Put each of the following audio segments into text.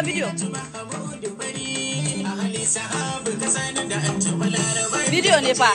ko bidiyo bidiyo ne fa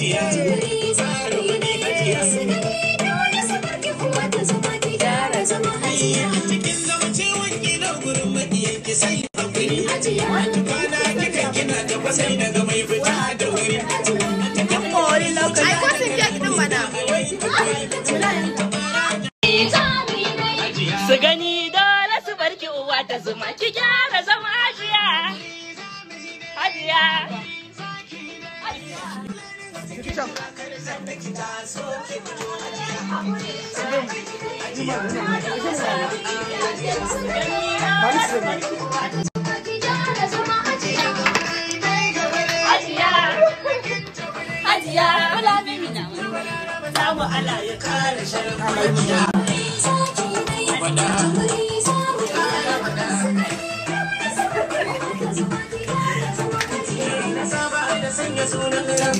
Yeah. ruwa da zuma ki gyara zama hajiya hajiya Hajiya, hajiya, hajiya,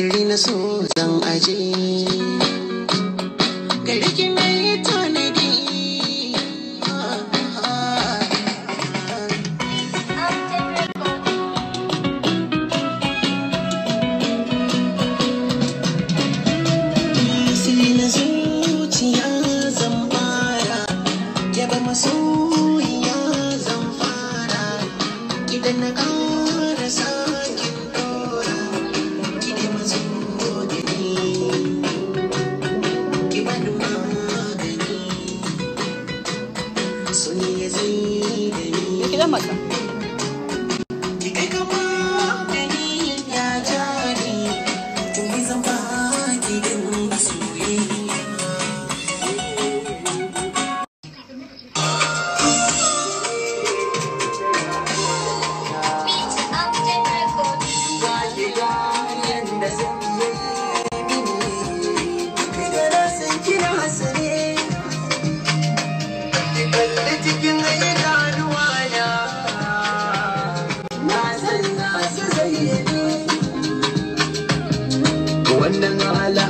sirri na zan aje gari ki mai tanadi sirri na zuciya zan fara yaba masoyiya zan fara 没。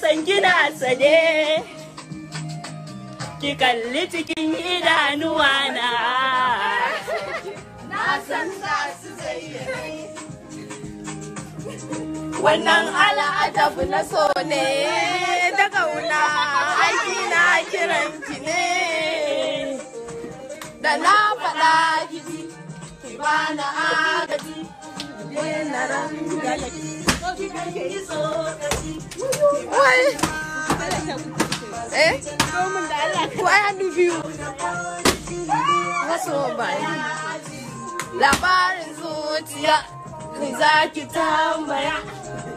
san gina sade ki kalli cikin idanuwa na na san za su zayyane wannan al'adabu na so ne da kauna aiki na kiran ki ne da na faɗa gidi ki bana agaji ne na rangalaki Wai. Eh? Labarin zuciya, za ki tambaya.